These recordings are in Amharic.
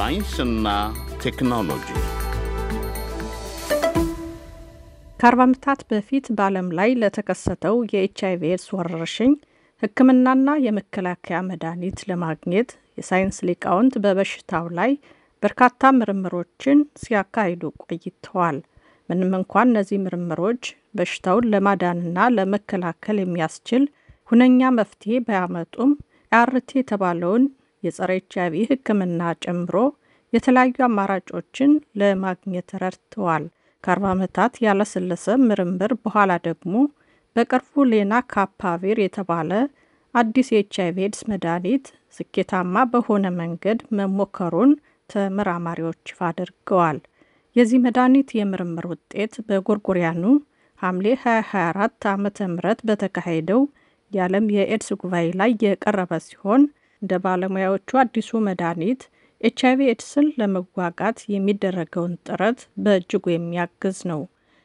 ሳይንስና ቴክኖሎጂ ከአርባ ዓመታት በፊት በዓለም ላይ ለተከሰተው የኤች አይቪ ኤድስ ወረርሽኝ ሕክምናና የመከላከያ መድኃኒት ለማግኘት የሳይንስ ሊቃውንት በበሽታው ላይ በርካታ ምርምሮችን ሲያካሂዱ ቆይተዋል። ምንም እንኳን እነዚህ ምርምሮች በሽታውን ለማዳንና ለመከላከል የሚያስችል ሁነኛ መፍትሄ ባያመጡም አርቲ የተባለውን የጸረ ኤች አይቪ ሕክምና ጨምሮ የተለያዩ አማራጮችን ለማግኘት ረድተዋል። ከአርባ ዓመታት ያለስለሰ ምርምር በኋላ ደግሞ በቅርቡ ሌና ካፓቪር የተባለ አዲስ የኤች አይቪ ኤድስ መድኃኒት ስኬታማ በሆነ መንገድ መሞከሩን ተመራማሪዎች ይፋ አድርገዋል። የዚህ መድኃኒት የምርምር ውጤት በጎርጎሪያኑ ሐምሌ 224 ዓ ም በተካሄደው የዓለም የኤድስ ጉባኤ ላይ የቀረበ ሲሆን እንደ ባለሙያዎቹ አዲሱ መድኃኒት ኤች አይቪ ኤድስን ለመዋጋት የሚደረገውን ጥረት በእጅጉ የሚያግዝ ነው።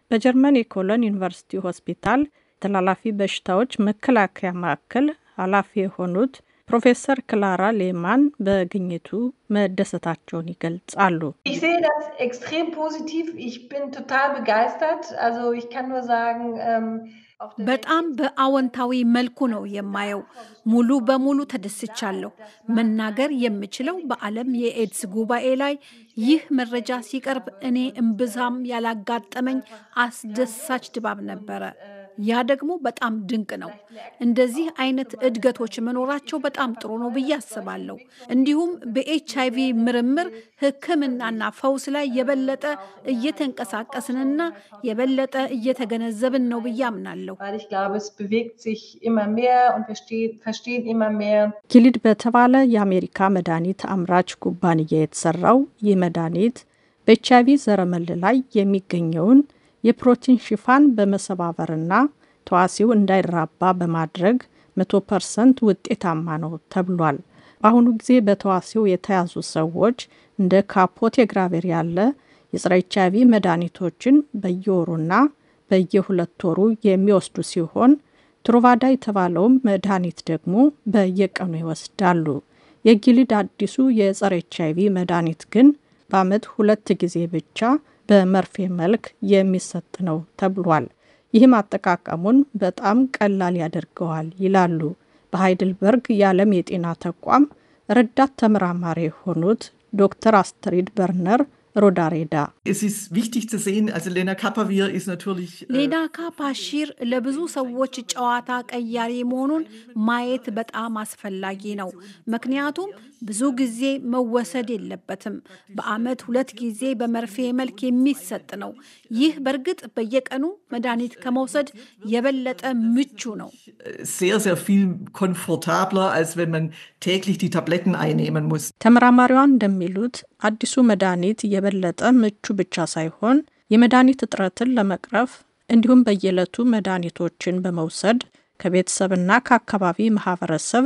በጀርመን የኮሎን ዩኒቨርሲቲ ሆስፒታል ተላላፊ በሽታዎች መከላከያ ማዕከል ኃላፊ የሆኑት ፕሮፌሰር ክላራ ሌማን በግኝቱ መደሰታቸውን ይገልጻሉ። ähm, በጣም በአዎንታዊ መልኩ ነው የማየው። ሙሉ በሙሉ ተደስቻለሁ። መናገር የምችለው በዓለም የኤድስ ጉባኤ ላይ ይህ መረጃ ሲቀርብ እኔ እምብዛም ያላጋጠመኝ አስደሳች ድባብ ነበረ። ያ ደግሞ በጣም ድንቅ ነው። እንደዚህ አይነት እድገቶች መኖራቸው በጣም ጥሩ ነው ብዬ አስባለሁ። እንዲሁም በኤች አይቪ ምርምር ሕክምናና ፈውስ ላይ የበለጠ እየተንቀሳቀስንና የበለጠ እየተገነዘብን ነው ብዬ አምናለሁ። ኪሊድ በተባለ የአሜሪካ መድኃኒት አምራች ኩባንያ የተሰራው ይህ መድኃኒት በኤች አይቪ ዘረመል ላይ የሚገኘውን የፕሮቲን ሽፋን በመሰባበርና ተዋሲው እንዳይራባ በማድረግ መቶ ፐርሰንት ውጤታማ ነው ተብሏል። በአሁኑ ጊዜ በተዋሲው የተያዙ ሰዎች እንደ ካፖት የግራቬር ያለ የጸረ ኤችአይቪ መድኃኒቶችን በየወሩና በየሁለት ወሩ የሚወስዱ ሲሆን ትሮቫዳ የተባለውም መድኃኒት ደግሞ በየቀኑ ይወስዳሉ። የጊሊድ አዲሱ የጸረ ኤችአይቪ መድኃኒት ግን በዓመት ሁለት ጊዜ ብቻ በመርፌ መልክ የሚሰጥ ነው ተብሏል። ይህም አጠቃቀሙን በጣም ቀላል ያደርገዋል ይላሉ በሃይድልበርግ የዓለም የጤና ተቋም ረዳት ተመራማሪ የሆኑት ዶክተር አስትሪድ በርነር ሮዳሬዳ ሌና ካፓሺር äh, ለብዙ ሰዎች ጨዋታ ቀያሪ መሆኑን ማየት በጣም አስፈላጊ ነው። ምክንያቱም ብዙ ጊዜ መወሰድ የለበትም። በዓመት ሁለት ጊዜ በመርፌ መልክ የሚሰጥ ነው። ይህ በእርግጥ በየቀኑ መድኃኒት ከመውሰድ የበለጠ ምቹ ነው። ተመራማሪዋን እንደሚሉት አዲሱ መድኃኒት የበለጠ ምቹ ብቻ ሳይሆን የመድኃኒት እጥረትን ለመቅረፍ እንዲሁም በየዕለቱ መድኃኒቶችን በመውሰድ ከቤተሰብና ከአካባቢ ማህበረሰብ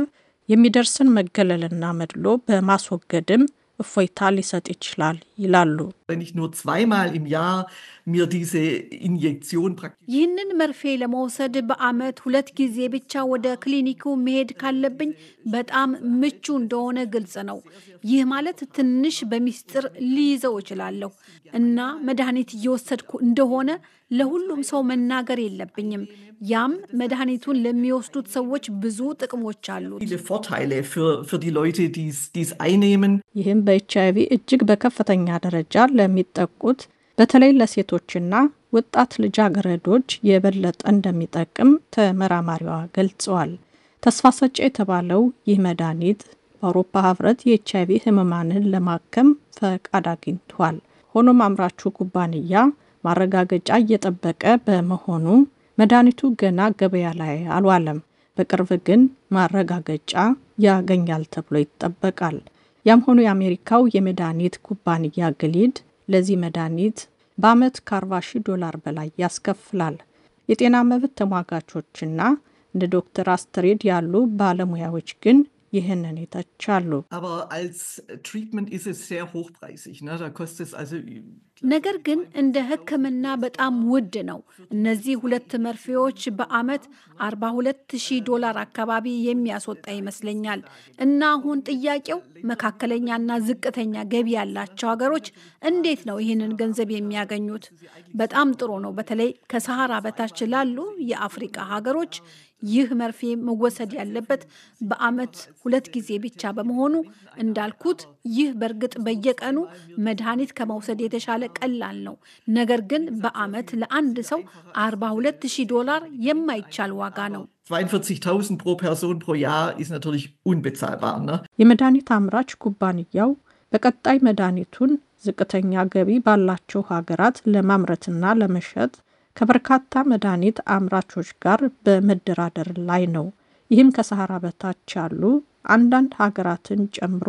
የሚደርስን መገለልና መድሎ በማስወገድም እፎይታ ሊሰጥ ይችላል ይላሉ። wenn ich nur zweimal im Jahr mir diese Injektion praktiziere. ይህንን መርፌ ለመውሰድ በአመት ሁለት ጊዜ ብቻ ወደ ክሊኒኩ መሄድ ካለብኝ በጣም ምቹ እንደሆነ ግልጽ ነው። ይህ ማለት ትንሽ በሚስጥር ሊይዘው እችላለሁ እና መድኃኒት እየወሰድኩ እንደሆነ ለሁሉም ሰው መናገር የለብኝም። ያም መድኃኒቱን ለሚወስዱት ሰዎች ብዙ ጥቅሞች አሉት። ይህም በኤች እጅግ በከፍተኛ ደረጃ ለሚጠቁት በተለይ ለሴቶችና ወጣት ልጃገረዶች የበለጠ እንደሚጠቅም ተመራማሪዋ ገልጸዋል። ተስፋ ሰጪ የተባለው ይህ መድኃኒት በአውሮፓ ህብረት የኤች አይቪ ህመማንን ለማከም ፈቃድ አግኝቷል። ሆኖም አምራቹ ኩባንያ ማረጋገጫ እየጠበቀ በመሆኑ መድኃኒቱ ገና ገበያ ላይ አልዋለም። በቅርብ ግን ማረጋገጫ ያገኛል ተብሎ ይጠበቃል። ያም ሆኑ የአሜሪካው የመድኃኒት ኩባንያ ግሊድ ለዚህ መድኃኒት በዓመት ከ40 ሺህ ዶላር በላይ ያስከፍላል። የጤና መብት ተሟጋቾችና እንደ ዶክተር አስትሬድ ያሉ ባለሙያዎች ግን ይህንን ይተቻሉ። ነገር ግን እንደ ሕክምና በጣም ውድ ነው። እነዚህ ሁለት መርፌዎች በዓመት 420 ዶላር አካባቢ የሚያስወጣ ይመስለኛል። እና አሁን ጥያቄው መካከለኛና ዝቅተኛ ገቢ ያላቸው ሀገሮች እንዴት ነው ይህንን ገንዘብ የሚያገኙት? በጣም ጥሩ ነው። በተለይ ከሰሃራ በታች ላሉ የአፍሪቃ ሀገሮች ይህ መርፌ መወሰድ ያለበት በአመት ሁለት ጊዜ ብቻ በመሆኑ እንዳልኩት ይህ በእርግጥ በየቀኑ መድኃኒት ከመውሰድ የተሻለ ቀላል ነው። ነገር ግን በአመት ለአንድ ሰው 420 ዶላር የማይቻል ዋጋ ነው። 42000 የመድኃኒት አምራች ኩባንያው በቀጣይ መድኃኒቱን ዝቅተኛ ገቢ ባላቸው ሀገራት ለማምረትና ለመሸጥ ከበርካታ መድኃኒት አምራቾች ጋር በመደራደር ላይ ነው። ይህም ከሰሃራ በታች ያሉ አንዳንድ ሀገራትን ጨምሮ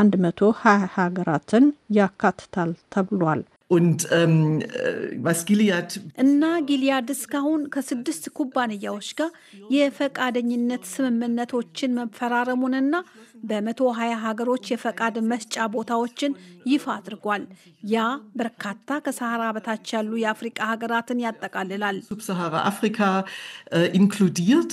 120 ሀገራትን ያካትታል ተብሏል። und ähm, äh, was ጊልያድ እና ጊልያድ እስካሁን ከስድስት ኩባንያዎች ጋር የፈቃደኝነት ስምምነቶችን መፈራረሙንና በመቶ ሀያ ሀገሮች የፈቃድ መስጫ ቦታዎችን ይፋ አድርጓል። ያ በርካታ ከሰሃራ በታች ያሉ የአፍሪቃ ሀገራትን ያጠቃልላል። ሱብሰሃራ አፍሪካ ኢንክሉዲርት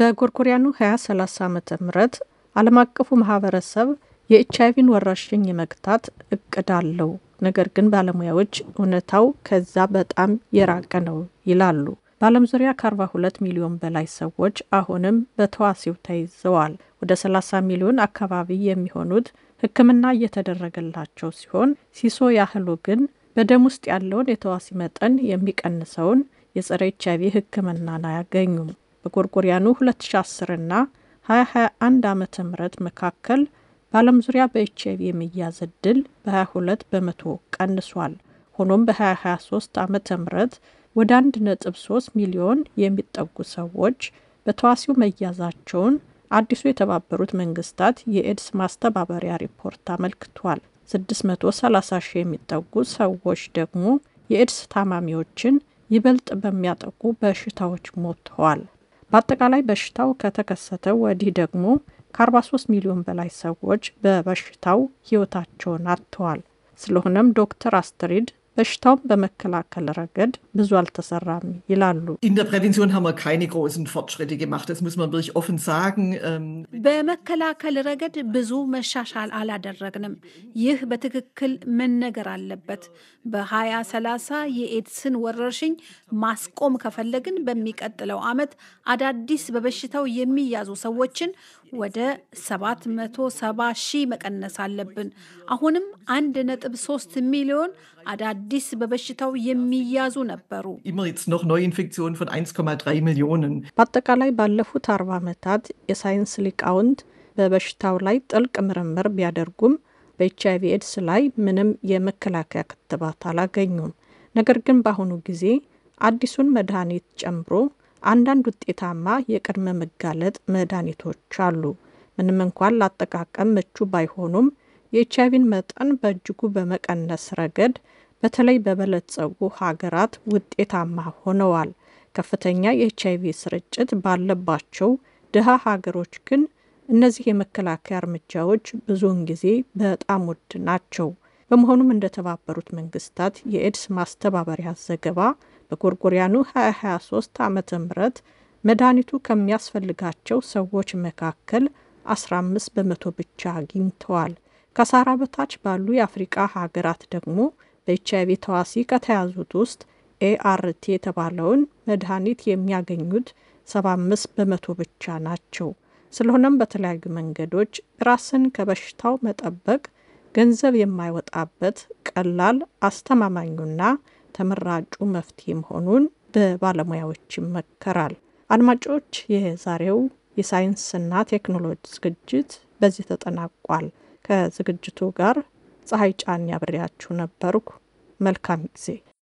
በጎርጎሪያኑ 2030 ዓመተ ምህረት ዓለም አቀፉ ማህበረሰብ የኤች አይቪን ወረርሽኝ የመግታት እቅድ አለው። ነገር ግን ባለሙያዎች እውነታው ከዛ በጣም የራቀ ነው ይላሉ። በዓለም ዙሪያ ከ42 ሚሊዮን በላይ ሰዎች አሁንም በተዋሲው ተይዘዋል። ወደ 30 ሚሊዮን አካባቢ የሚሆኑት ሕክምና እየተደረገላቸው ሲሆን ሲሶ ያህሉ ግን በደም ውስጥ ያለውን የተዋሲ መጠን የሚቀንሰውን የጸረ ኤች አይቪ ሕክምናን አያገኙም። በጎርጎሪያኑ 2010ና 2021 ዓ ም መካከል በዓለም ዙሪያ በኤችአይቪ የመያዝ እድል በ22 በመቶ ቀንሷል። ሆኖም በ2023 ዓ ም ወደ 1.3 ሚሊዮን የሚጠጉ ሰዎች በተዋሲው መያዛቸውን አዲሱ የተባበሩት መንግስታት የኤድስ ማስተባበሪያ ሪፖርት አመልክቷል። 630 ሺህ የሚጠጉ ሰዎች ደግሞ የኤድስ ታማሚዎችን ይበልጥ በሚያጠቁ በሽታዎች ሞተዋል። በአጠቃላይ በሽታው ከተከሰተ ወዲህ ደግሞ ከ43 ሚሊዮን በላይ ሰዎች በበሽታው ህይወታቸውን አጥተዋል። ስለሆነም ዶክተር አስትሪድ በሽታውን በመከላከል ረገድ ብዙ አልተሰራም ይላሉ። ähm, በመከላከል ረገድ ብዙ መሻሻል አላደረግንም። ይህ በትክክል መነገር አለበት። በ2030 የኤድስን ወረርሽኝ ማስቆም ከፈለግን በሚቀጥለው ዓመት አዳዲስ በበሽታው የሚያዙ ሰዎችን ወደ 770 ሺህ መቀነስ አለብን። አሁንም 1.3 ሚሊዮን አዳዲስ አዲስ በበሽታው የሚያዙ ነበሩ። በአጠቃላይ ባለፉት አርባ ዓመታት የሳይንስ ሊቃውንት በበሽታው ላይ ጥልቅ ምርምር ቢያደርጉም በኤች አይቪ ኤድስ ላይ ምንም የመከላከያ ክትባት አላገኙም። ነገር ግን በአሁኑ ጊዜ አዲሱን መድኃኒት ጨምሮ አንዳንድ ውጤታማ የቅድመ መጋለጥ መድኃኒቶች አሉ። ምንም እንኳን ለአጠቃቀም ምቹ ባይሆኑም የኤች አይቪን መጠን በእጅጉ በመቀነስ ረገድ በተለይ በበለጸጉ ሀገራት ውጤታማ ሆነዋል። ከፍተኛ የኤች አይቪ ስርጭት ባለባቸው ድሃ ሀገሮች ግን እነዚህ የመከላከያ እርምጃዎች ብዙውን ጊዜ በጣም ውድ ናቸው። በመሆኑም እንደተባበሩት መንግስታት የኤድስ ማስተባበሪያ ዘገባ በጎርጎሪያኑ 2023 ዓ ም መድኃኒቱ ከሚያስፈልጋቸው ሰዎች መካከል 15 በመቶ ብቻ አግኝተዋል። ከሳራ በታች ባሉ የአፍሪቃ ሀገራት ደግሞ በኤች አይቪ ተዋሲ ከተያዙት ውስጥ ኤአርቲ የተባለውን መድኃኒት የሚያገኙት 75 በመቶ ብቻ ናቸው። ስለሆነም በተለያዩ መንገዶች ራስን ከበሽታው መጠበቅ ገንዘብ የማይወጣበት ቀላል፣ አስተማማኙና ተመራጩ መፍትሄ መሆኑን በባለሙያዎች ይመከራል። አድማጮች፣ የዛሬው የሳይንስና ቴክኖሎጂ ዝግጅት በዚህ ተጠናቋል። ከዝግጅቱ ጋር ፀሐይ ጫን ያብሬያችሁ ነበርኩ። መልካም ጊዜ